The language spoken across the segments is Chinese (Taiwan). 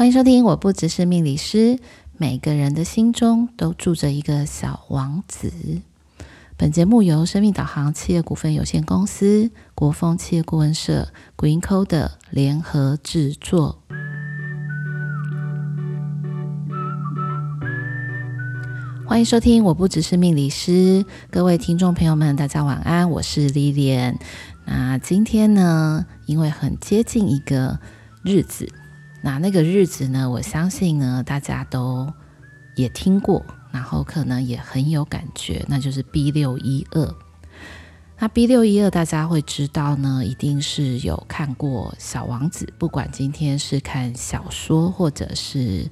歡迎收聽，我不只是命理師。每個人的心中都住着一個小王子。本節目由生命導航企業股份有限公司、國峰企業顧問社、GreenCoder 聯合制作。歡迎收聽，我不只是命理師。各位聽眾朋友們，大家晚安，我是李蓮。那今天呢，因為很接近一個日子。那那個日子呢？我相信呢，大家都也聽過，然後可能也很有感覺。那就是 B612。那 B612，大家會知道呢，一定是有看過《小王子》。不管今天是看小說，或者是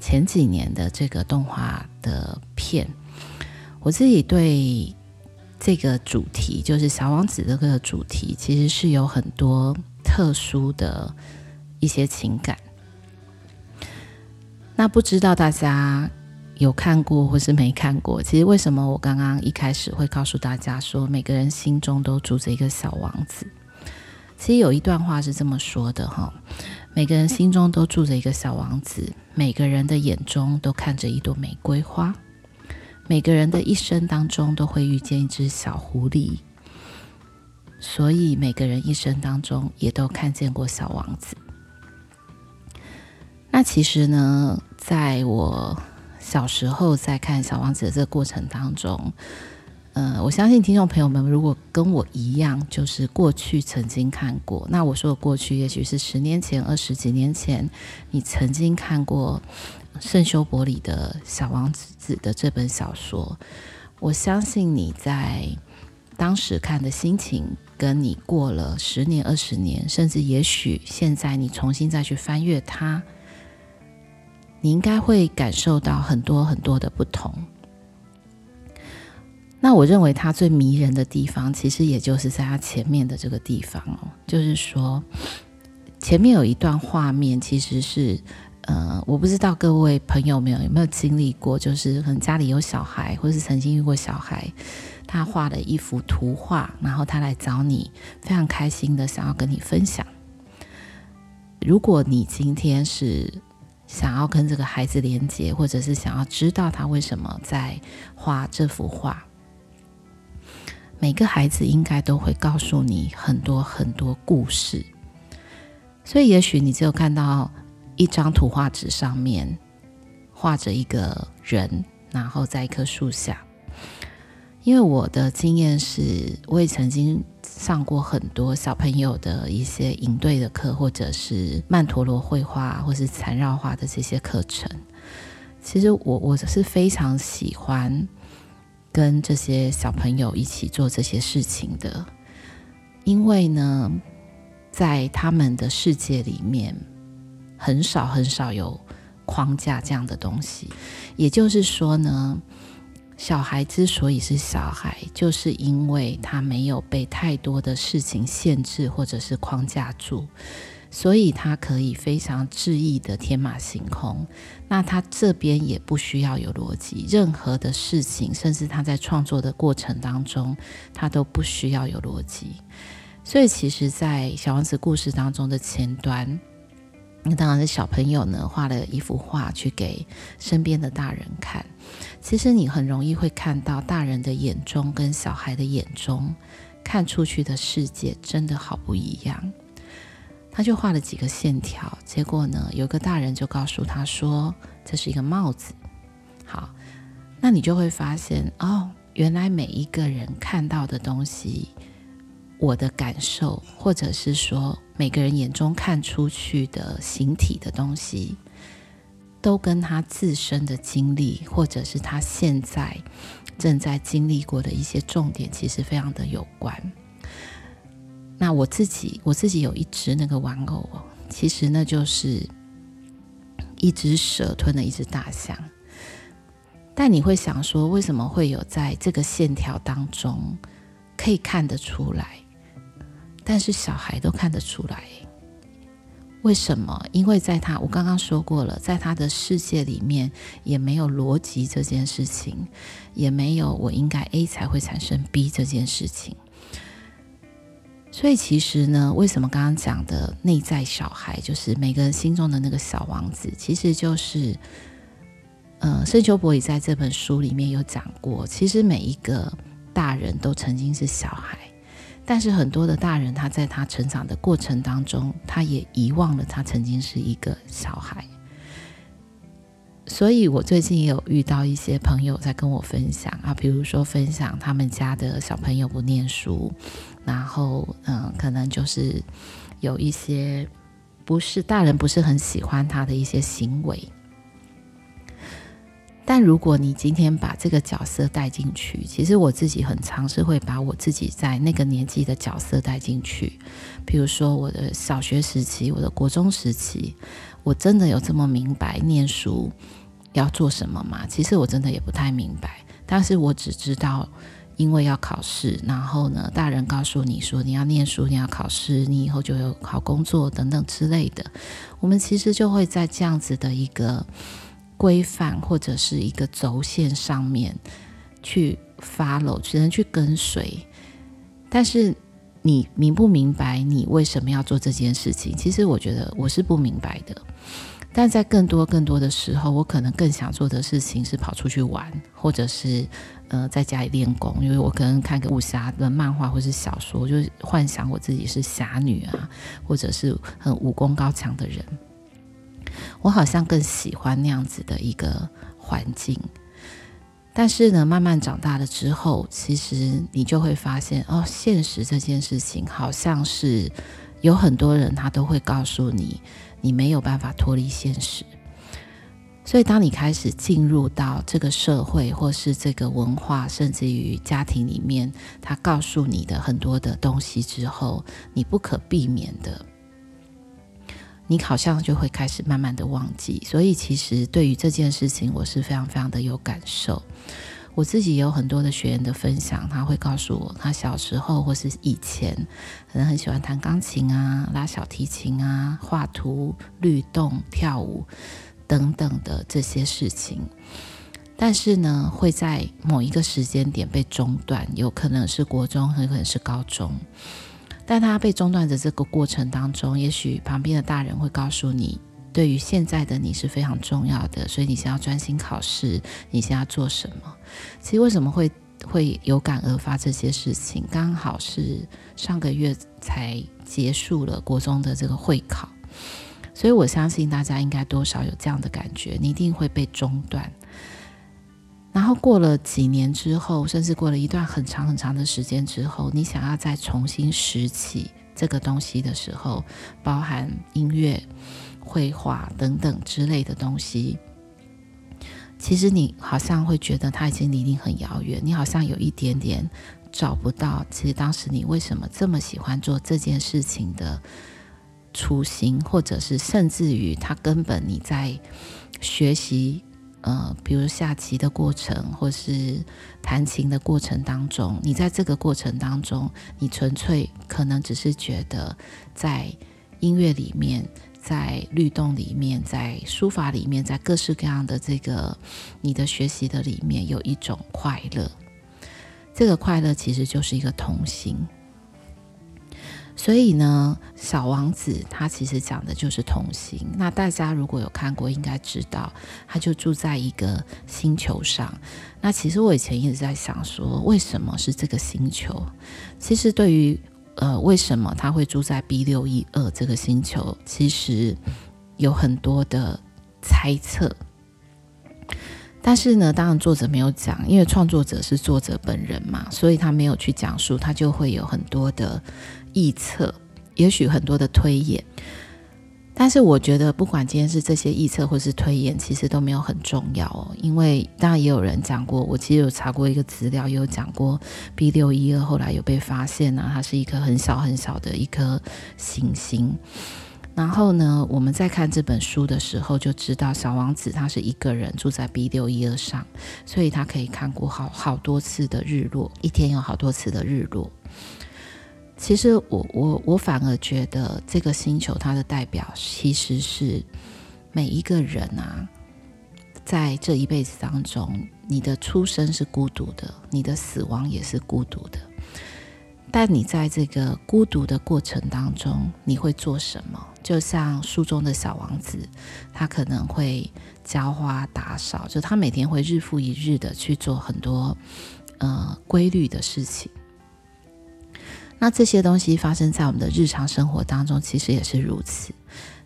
前幾年的這個動畫的片，我自己對這個主題，就是《小王子》這個主題，其實是有很多特殊的一些情感。那不知道大家有看過或是沒看過？其實為什麼我剛剛一開始會告訴大家說，每個人心中都住着一個小王子？其實有一段話是這麼說的哈：每個人心中都住着一個小王子，每個人的眼中都看着一朵玫瑰花，每個人的一生當中都會遇見一只小狐狸，所以每個人一生當中也都看見過小王子。那其實呢？在我小時候，在看《小王子》的這個過程當中，嗯、呃，我相信聽眾朋友們如果跟我一樣，就是過去曾經看過，那我說的過去，也許是十年前、二十幾年前，你曾經看過聖修伯里的《小王子》的這本小說，我相信你在當時看的心情，跟你過了十年、二十年，甚至也許現在你重新再去翻閱它。你應該會感受到很多很多的不同。那我認為他最迷人的地方，其實也就是在他前面的這個地方哦，就是說前面有一段畫面，其實是呃，我不知道各位朋友們有，有沒有經歷過，就是可能家裡有小孩，或是曾經遇過小孩，他畫了一幅圖畫，然後他來找你，非常開心的想要跟你分享。如果你今天是。想要跟這個孩子連接，或者是想要知道他為什麼在畫這幅畫，每個孩子應該都會告訴你很多很多故事。所以，也許你就看到一張圖畫紙上面畫着一個人，然後在一棵樹下。因為我的經驗是，我也曾經上過很多小朋友的一些營隊的課，或者是曼陀羅繪畫，或是纏繞畫的這些課程。其實我我是非常喜歡跟這些小朋友一起做這些事情的，因為呢，在他們的世界裡面，很少很少有框架這樣的東西，也就是說呢。小孩之所以是小孩，就是因為他沒有被太多的事情限制或者是框架住，所以他可以非常恣意的天馬行空。那他這邊也不需要有邏輯，任何的事情，甚至他在創作的過程當中，他都不需要有邏輯。所以，其實，在《小王子》故事當中的前端。那當然是小朋友呢，畫了一幅畫去給身邊的大人看。其實你很容易會看到，大人的眼中跟小孩的眼中看出去的世界真的好不一樣。他就畫了幾個線條，結果呢，有個大人就告訴他說，這是一個帽子。好，那你就會發現，哦，原來每一個人看到的東西，我的感受，或者是說每個人眼中看出去的形體的東西，都跟他自身的經歷，或者是他現在正在經歷過的一些重點，其實非常的有關。那我自己，我自己有一只那個玩偶哦，其實那就是一只蛇吞了一只大象。但你會想說，為什麼會有在這個線條當中可以看得出來？但是小孩都看得出來，為什麼？因為在他，我剛剛說過了，在他的世界裡面也沒有邏輯這件事情，也沒有我應該 A 才會產生 B 這件事情。所以其實呢，為什麼剛剛講的內在小孩，就是每個人心中的那個小王子，其實就是，呃孫秋博聖修伯里也在這本書裡面有講過，其實每一個大人都曾經是小孩。但是很多的大人，他在他成長的過程當中，他也遺忘了他曾經是一個小孩。所以我最近也有遇到一些朋友在跟我分享啊，比如說分享他們家的小朋友不念書，然後嗯，可能就是有一些不是大人不是很喜歡他的一些行為。但如果你今天把這個角色帶進去，其實我自己很常常會把我自己在那個年紀的角色帶進去。比如說我的小學時期，我的國中時期，我真的有這麼明白念書要做什麼嗎？其實我真的也不太明白。但是我只知道，因為要考試，然後呢，大人告訴你說你要念書，你要考試，你以後就有好工作等等之類的。我們其實就會在這樣子的一個。規範或者是一個軸線上面去 follow，只能去跟隨。但是你明不明白你為什麼要做這件事情？其實我覺得我是不明白的。但在更多更多的時候，我可能更想做的事情是跑出去玩，或者是呃在家裡練功。因為我可能看個武俠的漫畫或是小說，就幻想我自己是俠女啊，或者是很武功高強的人。我好像更喜歡那樣子的一個環境，但是呢，慢慢長大了之後，其實你就會發現，哦，現實這件事情，好像是有很多人他都會告訴你，你沒有辦法脫離現實。所以，當你開始進入到這個社會，或是這個文化，甚至於家庭裡面，他告訴你的很多的東西之後，你不可避免的。你好像就會開始慢慢的忘記，所以其實對於這件事情，我是非常非常的有感受。我自己也有很多的學員的分享，他會告訴我，他小時候或是以前，可能很喜歡彈鋼琴啊、拉小提琴啊、畫圖、律動、跳舞等等的這些事情，但是呢，會在某一個時間點被中斷，有可能是國中，很可能是高中。在他被中斷的這個過程當中，也許旁邊的大人會告訴你，對於現在的你是非常重要的，所以你先要專心考試，你先要做什麼？其實為什麼會會有感而發這些事情，剛好是上個月才結束了國中的這個會考，所以我相信大家應該多少有這樣的感覺，你一定會被中斷。然後過了幾年之後，甚至過了一段很長很長的時間之後，你想要再重新拾起這個東西的時候，包含音樂、繪畫等等之類的東西，其實你好像會覺得它已經離你很遙遠，你好像有一點點找不到。其實當時你為什麼這麼喜歡做這件事情的初心，或者是甚至於它根本你在學習。呃，比如下棋的過程，或是彈琴的過程當中，你在這個過程當中，你純粹可能只是覺得，在音樂裡面，在律動裡面，在書法裡面，在各式各樣的這個你的學習的裡面，有一種快樂。這個快樂其實就是一個童心。所以呢，小王子他其實講的就是童心。那大家如果有看過，應該知道，他就住在一個星球上。那其實我以前一直在想說，說為什麼是這個星球？其實對於呃，為什麼他會住在 B612 這個星球，其實有很多的猜測。但是呢，當然作者沒有講，因為創作者是作者本人嘛，所以他沒有去講述，他就會有很多的。預測，也許很多的推演，但是我覺得，不管今天是這些預測或是推演，其實都沒有很重要哦。因為當然也有人講過，我其實有查過一個資料，也有講過 B 六一二後來有被發現呢、啊，它是一顆很小很小的一顆行星。然後呢，我們在看這本書的時候就知道，小王子他是一個人住在 B 六一二上，所以他可以看過好好多次的日落，一天有好多次的日落。其實我我我反而覺得這個星球它的代表其實是每一個人啊，在這一輩子當中，你的出生是孤獨的，你的死亡也是孤獨的。但你在這個孤獨的過程當中，你會做什麼？就像書中的小王子，他可能會澆花、打掃，就他每天會日復一日的去做很多呃規律的事情。那這些東西發生在我們的日常生活當中，其實也是如此。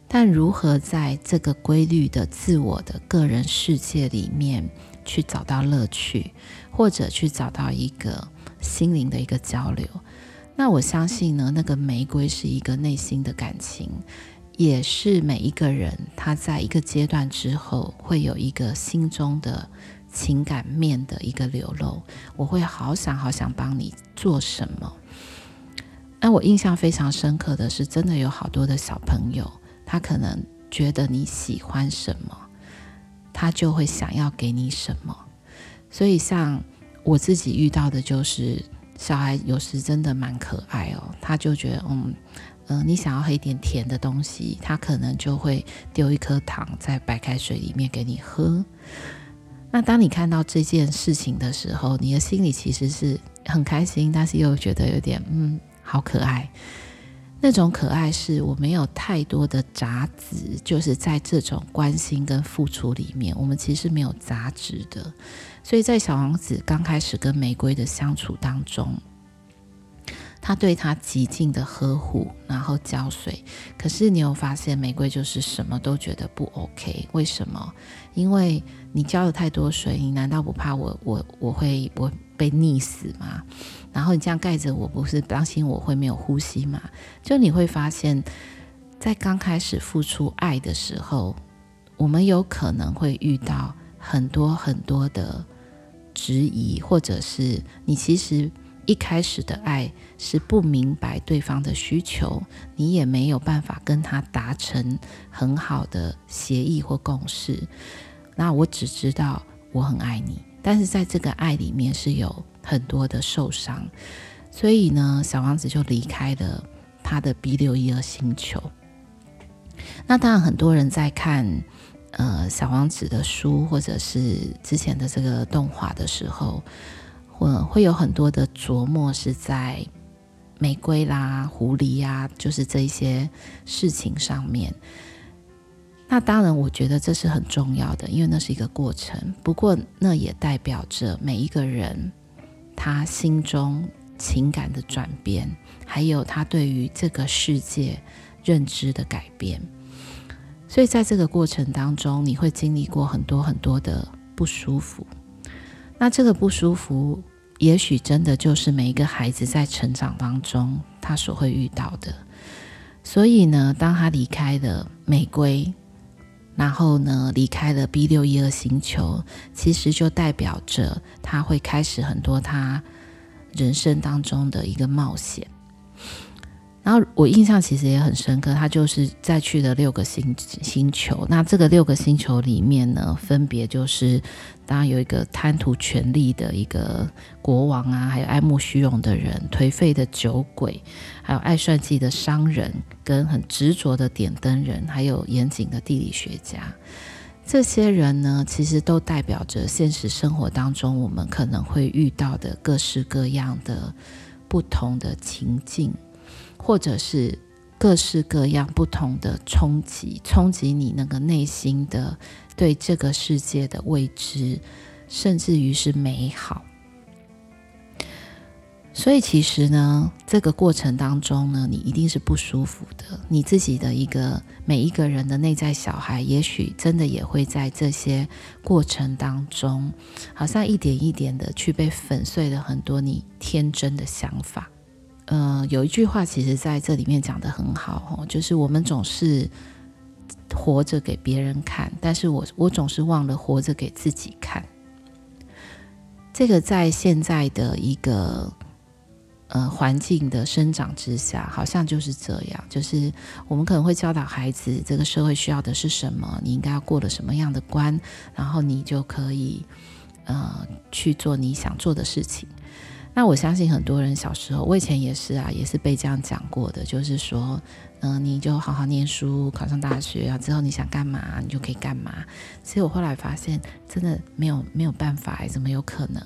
但如何在這個規律的自我的個人世界裡面去找到樂趣，或者去找到一個心靈的一個交流？那我相信呢，那個玫瑰是一個內心的感情，也是每一個人他在一個階段之後會有一個心中的情感面的一個流露。我會好想好想幫你做什麼。那我印象非常深刻的是，真的有好多的小朋友，他可能覺得你喜歡什麼，他就會想要給你什麼。所以，像我自己遇到的就是，小孩有時真的蠻可愛哦。他就覺得，嗯嗯、呃，你想要喝一點甜的東西，他可能就會丟一顆糖在白開水裡面給你喝。那當你看到這件事情的時候，你的心裡其實是很開心，但是又覺得有點嗯。好可愛，那種可愛是我沒有太多的雜質，就是在這種關心跟付出裡面，我們其實是沒有雜質的。所以在小王子剛開始跟玫瑰的相處當中，他對他極盡的呵護，然後澆水。可是你有發現，玫瑰就是什麼都覺得不 OK？為什麼？因為你澆了太多水，你難道不怕我，我我會我被溺死嗎？然後你這樣蓋着我，不是擔心我會沒有呼吸嗎？就你會發現，在剛開始付出愛的時候，我們有可能會遇到很多很多的質疑，或者是你其實一開始的愛是不明白對方的需求，你也沒有辦法跟他達成很好的協議或共識。那我只知道我很愛你。但是在這個愛裡面是有很多的受傷，所以呢，小王子就離開了他的 B 六一二星球。那當然，很多人在看呃小王子的書或者是之前的這個動畫的時候，會會有很多的琢磨是在玫瑰啦、狐狸呀、啊，就是這一些事情上面。那當然，我覺得這是很重要的，因為那是一個過程。不過，那也代表着每一個人他心中情感的轉變，還有他對於這個世界認知的改變。所以，在這個過程當中，你會經歷過很多很多的不舒服。那這個不舒服，也許真的就是每一個孩子在成長當中他所會遇到的。所以呢，當他離開了玫瑰。然後呢，離開了 B612 星球，其實就代表着他會開始很多他人生當中的一個冒險。然後我印象其實也很深刻，他就是再去的六個星星球。那這個六個星球裡面呢，分別就是，當然有一個貪圖權力的一個國王啊，還有愛慕虛榮的人、頹廢的酒鬼，還有愛算計的商人，跟很執着的點燈人，還有嚴謹的地理學家。這些人呢，其實都代表着現實生活當中我們可能會遇到的各式各樣的不同的情境。或者是各式各樣不同的衝擊，衝擊你那個內心的對這個世界的未知，甚至於是美好。所以其實呢，這個過程當中呢，你一定是不舒服的。你自己的一個每一個人的內在小孩，也許真的也會在這些過程當中，好像一點一點的去被粉碎了很多你天真的想法。嗯、呃，有一句話其實在這裡面講得很好，就是我們總是活着給別人看，但是我我總是忘了活着給自己看。這個在現在的一個呃環境的生長之下，好像就是這樣，就是我們可能會教導孩子，這個社會需要的是什麼，你應該要過了什麼樣的關，然後你就可以呃去做你想做的事情。那我相信很多人小時候，我以前也是啊，也是被這樣講過的，就是說，嗯、呃，你就好好念書，考上大學啊，之後你想幹嘛，你就可以幹嘛。其實我後來發現，真的沒有沒有辦法，怎麼有可能。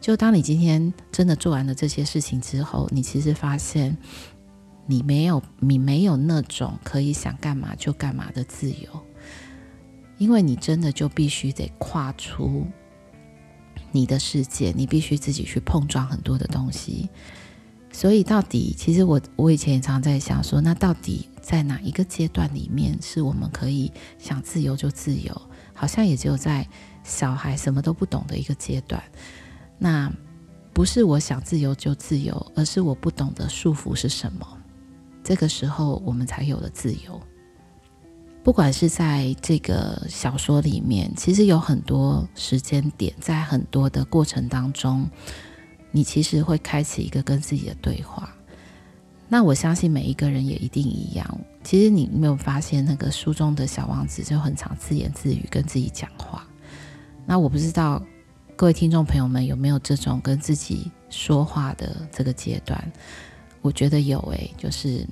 就當你今天真的做完了這些事情之後，你其實發現，你沒有你沒有那種可以想幹嘛就幹嘛的自由，因為你真的就必須得跨出。你的世界，你必須自己去碰撞很多的東西。所以到底，其實我我以前也常在想說，那到底在哪一個階段裡面是我們可以想自由就自由？好像也只有在小孩什麼都不懂的一個階段，那不是我想自由就自由，而是我不懂得束縛是什麼，這個時候我們才有了自由。不管是在這個小說裡面，其實有很多時間點，在很多的過程當中，你其實會開啟一個跟自己的對話。那我相信每一個人也一定一樣。其實你沒有發現，那個書中的小王子就很常自言自語，跟自己講話。那我不知道各位聽眾朋友們有沒有這種跟自己說話的這個階段？我覺得有誒，就是。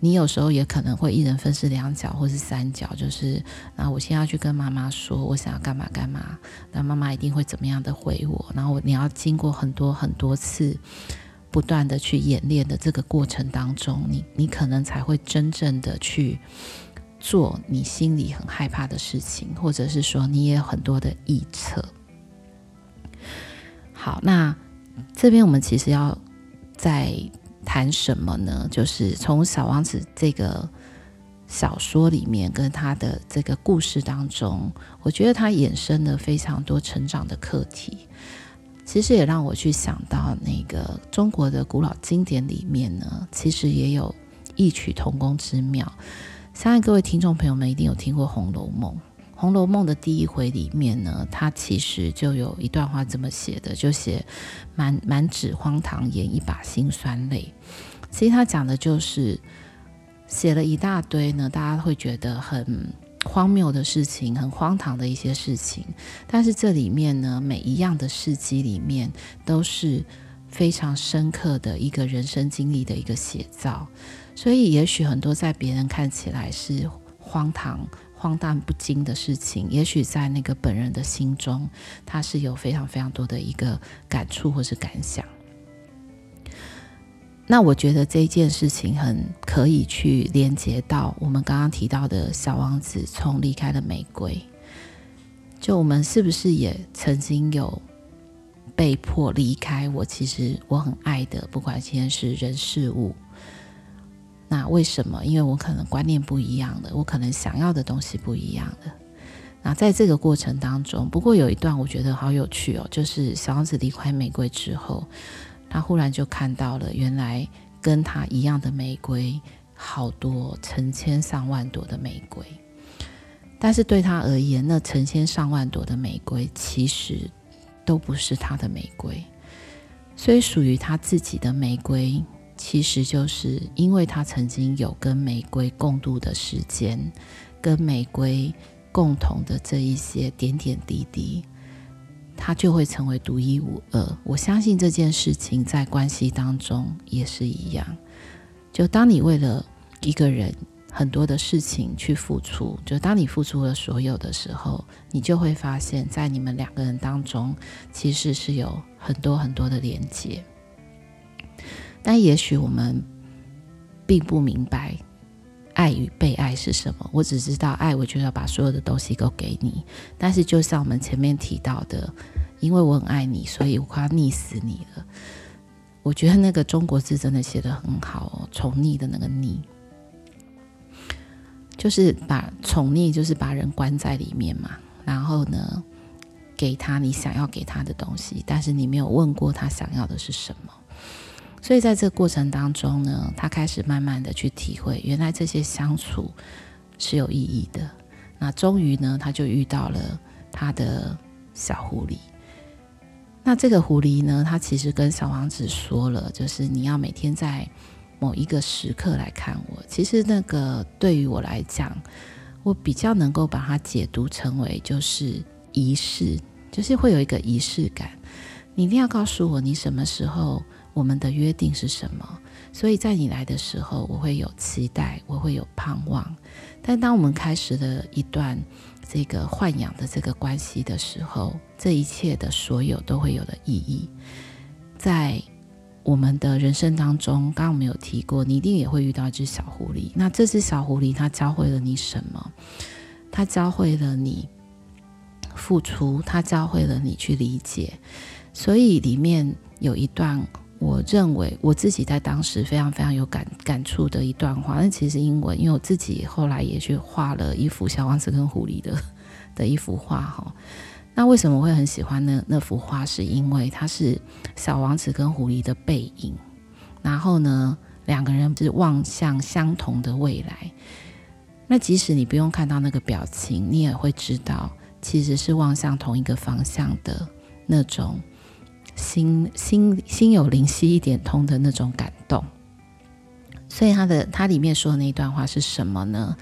你有時候也可能會一人分飾兩角或是三角，就是那我先要去跟媽媽說我想要幹嘛幹嘛，那媽媽一定會怎麼樣的回我，然後你要經過很多很多次不斷的去演練的這個過程當中，你你可能才會真正的去做你心裡很害怕的事情，或者是說你也有很多的臆測。好，那這邊我們其實要在。談什麼呢？就是從小王子這個小說裡面跟他的這個故事當中，我覺得他衍生了非常多成長的課題。其實也讓我去想到那個中國的古老經典裡面呢，其實也有異曲同工之妙。相信各位聽眾朋友們一定有聽過《紅樓夢》。《紅樓夢》的第一回裡面呢，他其實就有一段話這麼寫的，就寫“滿滿紙荒唐言，一把辛酸淚。”其實他講的就是寫了一大堆呢，大家會覺得很荒謬的事情，很荒唐的一些事情。但是這裡面呢，每一樣的事蹟裡面，都是非常深刻的一個人生經歷的一個寫照。所以也許很多在別人看起來是荒唐。荒誕不經的事情，也許在那個本人的心中，他是有非常非常多的一個感觸或是感想。那我覺得這件事情很可以去連接到我們剛剛提到的小王子從離開了玫瑰，就我們是不是也曾經有被迫離開，我其實我很愛的，不管今天是人事物。那為什麼？因為我可能觀念不一樣的，我可能想要的東西不一樣的。那在這個過程當中，不過有一段我覺得好有趣哦，就是小王子離開玫瑰之後，他忽然就看到了原來跟他一樣的玫瑰，好多成千上萬朵的玫瑰，但是對他而言，那成千上萬朵的玫瑰其實都不是他的玫瑰，所以屬於他自己的玫瑰。其實就是因為他曾經有跟玫瑰共度的時間，跟玫瑰共同的這一些點點滴滴，他就會成為獨一無二。我相信這件事情在關係當中也是一樣，就當你為了一個人很多的事情去付出，就當你付出了所有的時候，你就會發現在你們兩個人當中，其實是有很多很多的連接。但也許我們並不明白愛與被愛是什麼。我只知道愛，我就要把所有的東西都給，給你。但是就像我們前面提到的，因為我很愛你，所以我快要溺死你了。我覺得那個中國字真的寫得很好哦，寵溺的那個溺，就是把寵溺就是把人關在裡面嘛。然後呢，給他你想要給他的東西，但是你沒有問過他想要的是什麼。所以，在這個過程當中呢，他開始慢慢的去體會，原來這些相處是有意義的。那終於呢，他就遇到了他的小狐狸。那這個狐狸呢，他其實跟小王子說了，就是你要每天在某一個時刻來看我。其實那個對於我來講，我比較能夠把它解讀成為就是儀式，就是會有一個儀式感。你一定要告訴我你什麼時候。我們的約定是什麼？所以在你來的時候，我會有期待，我會有盼望。但當我們開始了一段這個豢養的這個關係的時候，這一切的所有都會有了意義。在我們的人生當中，剛剛我們有提過，你一定也會遇到一隻小狐狸。那這隻小狐狸它教會了你什麼？它教會了你付出，它教會了你去理解。所以裡面有一段。我認為我自己在當時非常非常有感感觸的一段話，那其實因為，因為我自己後來也去畫了一幅小王子跟狐狸的的一幅畫哈。那為什麼我會很喜歡那那幅畫是因為它是小王子跟狐狸的背影，然後呢，兩個人就是望向相同的未來。那即使你不用看到那個表情，你也會知道，其實是望向同一個方向的那種。心心心有靈犀一點通的那種感動，所以他的他裡面說的那一段話是什麼呢？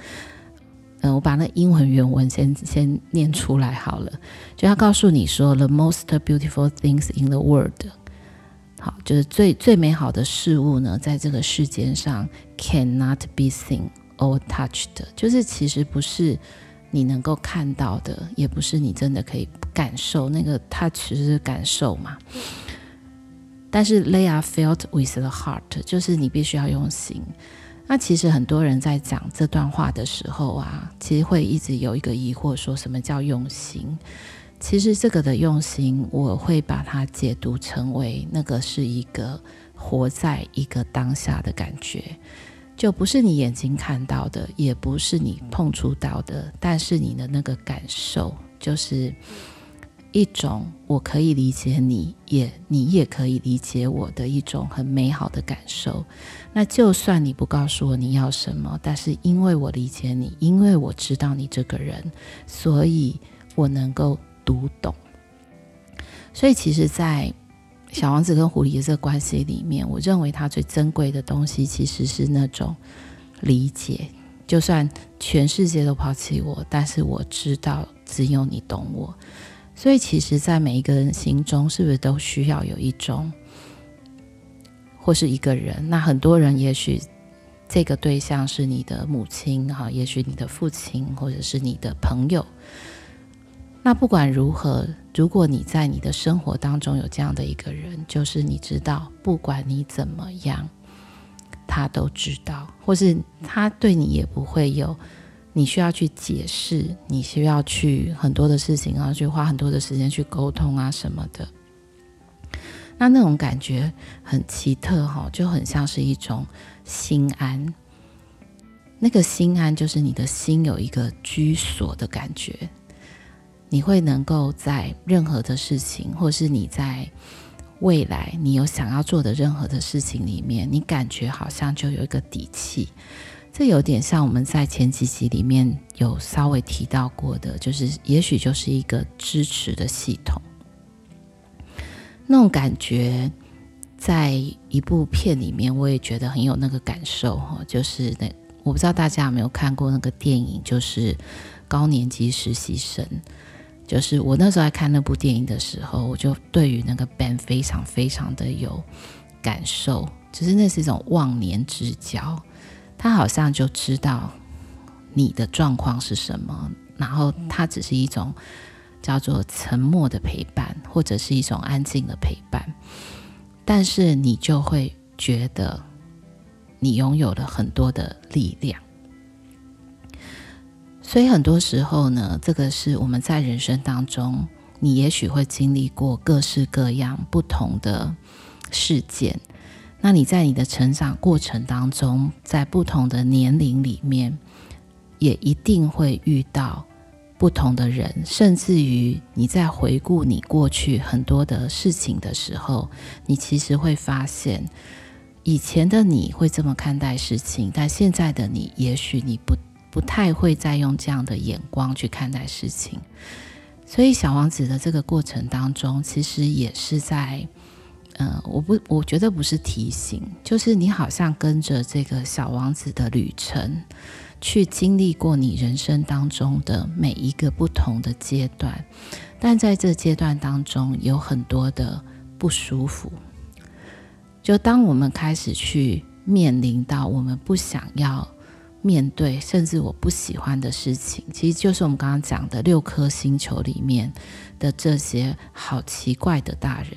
嗯、呃，我把那英文原文先先念出來好了，就要告訴你說，The most beautiful things in the world，好，就是最最美好的事物呢，在這個世間上，cannot be seen or touched，就是其實不是。你能夠看到的，也不是你真的可以感受那個，他其實是感受嘛。但是 they are felt with the heart，就是你必須要用心。那其實很多人在講這段話的時候啊，其實會一直有一個疑惑，說什麼叫用心？其實這個的用心，我會把它解讀成為那個是一個活在一個當下的感覺。就不是你眼睛看到的，也不是你碰觸到的，但是你的那個感受，就是一種我可以理解你，也你也可以理解我的一種很美好的感受。那就算你不告訴我你要什麼，但是因為我理解你，因為我知道你這個人，所以我能夠讀懂。所以其實在小王子跟狐狸的這個關係裡面，我認為他最珍貴的東西其實是那種理解。就算全世界都拋棄我，但是我知道只有你懂我。所以，其實，在每一個人心中，是不是都需要有一種，或是一個人？那很多人也許這個對象是你的母親，哈，也許你的父親，或者是你的朋友。那不管如何。如果你在你的生活當中有這樣的一個人，就是你知道，不管你怎麼樣，他都知道，或是他對你也不會有你需要去解釋，你需要去很多的事情啊，去花很多的時間去溝通啊什麼的。那那種感覺很奇特哈、哦，就很像是一種心安。那個心安，就是你的心有一個居所的感覺。你會能夠在任何的事情，或是你在未來你有想要做的任何的事情裡面，你感覺好像就有一個底氣。這有點像我們在前幾集裡面有稍微提到過的，就是也許就是一個支持的系統。那種感覺在一部片裡面，我也覺得很有那個感受。就是那我不知道大家有沒有看過那個電影，就是高年級實習生。就是我那時候在看那部電影的時候，我就對於那個 Ben 非常非常的有感受。只、就是那是一種忘年之交，他好像就知道你的狀況是什麼，然後他只是一種叫做沉默的陪伴，或者是一種安靜的陪伴，但是你就會覺得你擁有了很多的力量。所以很多時候呢，這個是我們在人生當中，你也許會經歷過各式各樣不同的事件。那你在你的成長過程當中，在不同的年齡裡面，也一定會遇到不同的人。甚至於你在回顧你過去很多的事情的時候，你其實會發現，以前的你會這麼看待事情，但現在的你，也許你不。不太會再用這樣的眼光去看待事情，所以小王子的這個過程當中，其實也是在，呃，我不，我覺得不是提醒，就是你好像跟着這個小王子的旅程，去經歷過你人生當中的每一個不同的階段，但在這階段當中，有很多的不舒服，就當我們開始去面臨到我們不想要。面對甚至我不喜歡的事情，其實就是我們剛剛講的六顆星球裡面的這些好奇怪的大人。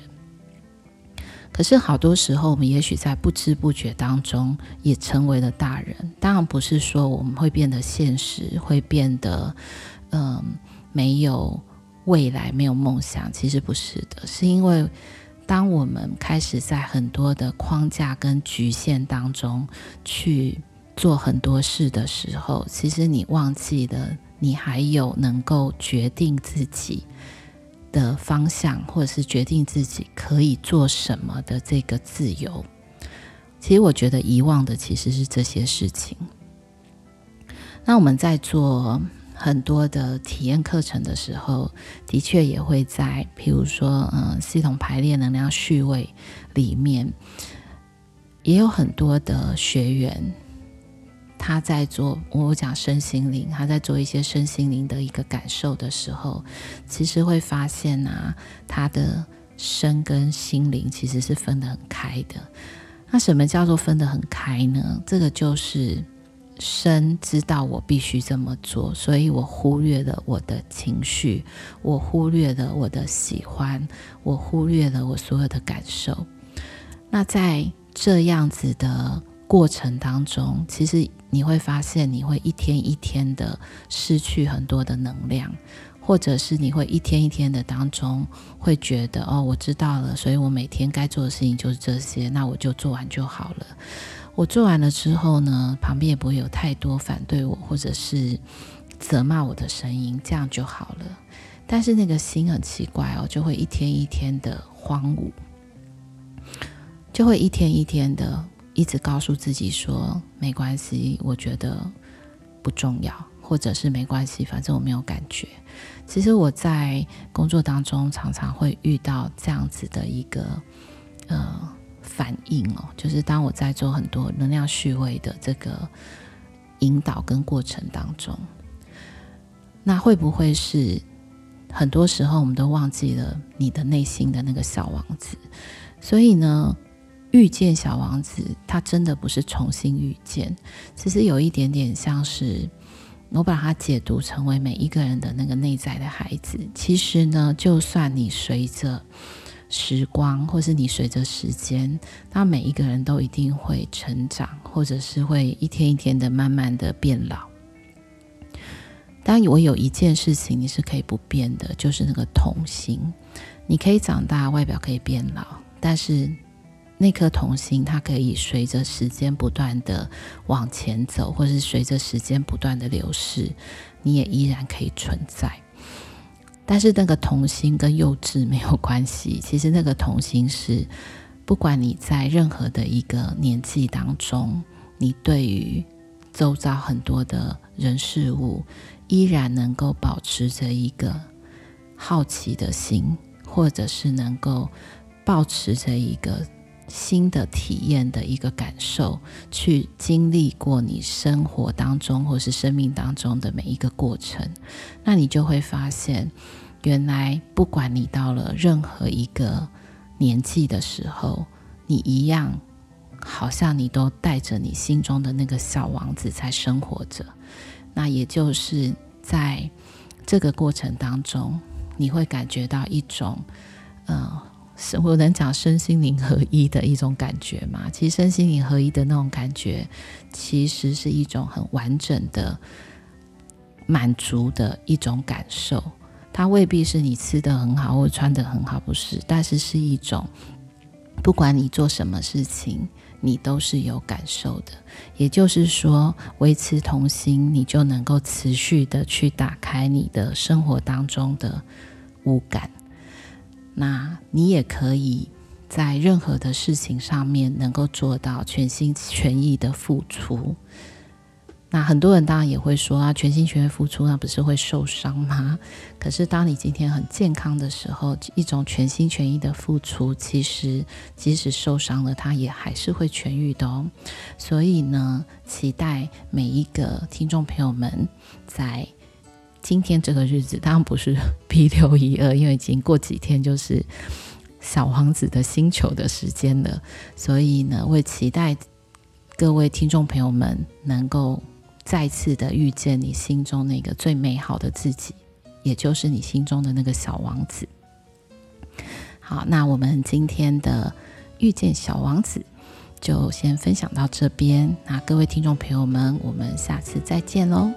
可是好多時候，我們也許在不知不覺當中也成為了大人。當然不是說我們會變得現實，會變得嗯、呃、沒有未來，沒有夢想。其實不是的，是因為當我們開始在很多的框架跟局限當中去。做很多事的時候，其實你忘記了，你還有能夠決定自己的方向，或者是決定自己可以做什麼的這個自由。其實我覺得遺忘的其實是這些事情。那我們在做很多的體驗課程的時候，的確也會在，譬如說，嗯，系統排列能量序位裡面，也有很多的學員。他在做我講身心靈，他在做一些身心靈的一個感受的時候，其實會發現吶、啊，他的身跟心靈其實是分得很開的。那什麼叫做分得很開呢？這個就是身知道我必須這麼做，所以我忽略了我的情緒，我忽略了我的喜歡，我忽略了我所有的感受。那在這樣子的過程當中，其實。你會發現，你會一天一天的失去很多的能量，或者是你會一天一天的當中會覺得哦，我知道了，所以我每天該做的事情就是這些，那我就做完就好了。我做完了之後呢，旁邊也不會有太多反對我或者是責罵我的聲音，這樣就好了。但是那個心很奇怪哦，就會一天一天的荒蕪，就會一天一天的。一直告訴自己說，沒關係，我覺得不重要，或者是沒關係，反正我沒有感覺。其實我在工作當中常常會遇到這樣子的一個呃反應哦，就是當我在做很多能量續位的這個引導跟過程當中，那會不會是很多時候我們都忘記了你的內心的那個小王子？所以呢？遇見小王子，他真的不是重新遇見，其實有一點點像是我把它解讀成為每一個人的那個內在的孩子。其實呢，就算你隨着時光，或是你隨着時間，那每一個人都一定會成長，或者是會一天一天的慢慢的變老。當我有一件事情，你是可以不變的，就是那個童心。你可以長大，外表可以變老，但是。那顆童心，它可以隨着時間不斷的往前走，或是隨着時間不斷的流逝，你也依然可以存在。但是那個童心跟幼稚沒有關係。其實那個童心是，不管你在任何的一個年紀當中，你對於周遭很多的人事物，依然能夠保持着一個好奇的心，或者是能夠保持着一個。新的體驗的一個感受，去經歷過你生活當中或是生命當中的每一個過程，那你就會發現，原來不管你到了任何一個年紀的時候，你一樣，好像你都帶着你心中的那個小王子在生活着。那也就是在這個過程當中，你會感覺到一種，嗯、呃。我能講身心靈合一的一種感覺嗎？其實身心靈合一的那種感覺，其實是一種很完整的滿足的一種感受。它未必是你吃的很好或穿的很好，很好不是，但是是一種不管你做什麼事情，你都是有感受的。也就是說，維持童心，你就能夠持續的去打開你的生活當中的五感。那你也可以在任何的事情上面能夠做到全心全意的付出。那很多人當然也會說啊，全心全意付出，那不是會受傷嗎？可是當你今天很健康的時候，一種全心全意的付出，其實即使受傷了，它也還是會痊癒的哦。所以呢，期待每一個聽眾朋友們在。今天這個日子當然不是 B612，因為已經過幾天就是小王子的星球的時間了，所以呢，我也期待各位聽眾朋友們能夠再次的遇見你心中那個最美好的自己，也就是你心中的那個小王子。好，那我們今天的遇見小王子就先分享到這邊，那各位聽眾朋友們，我們下次再見嘍。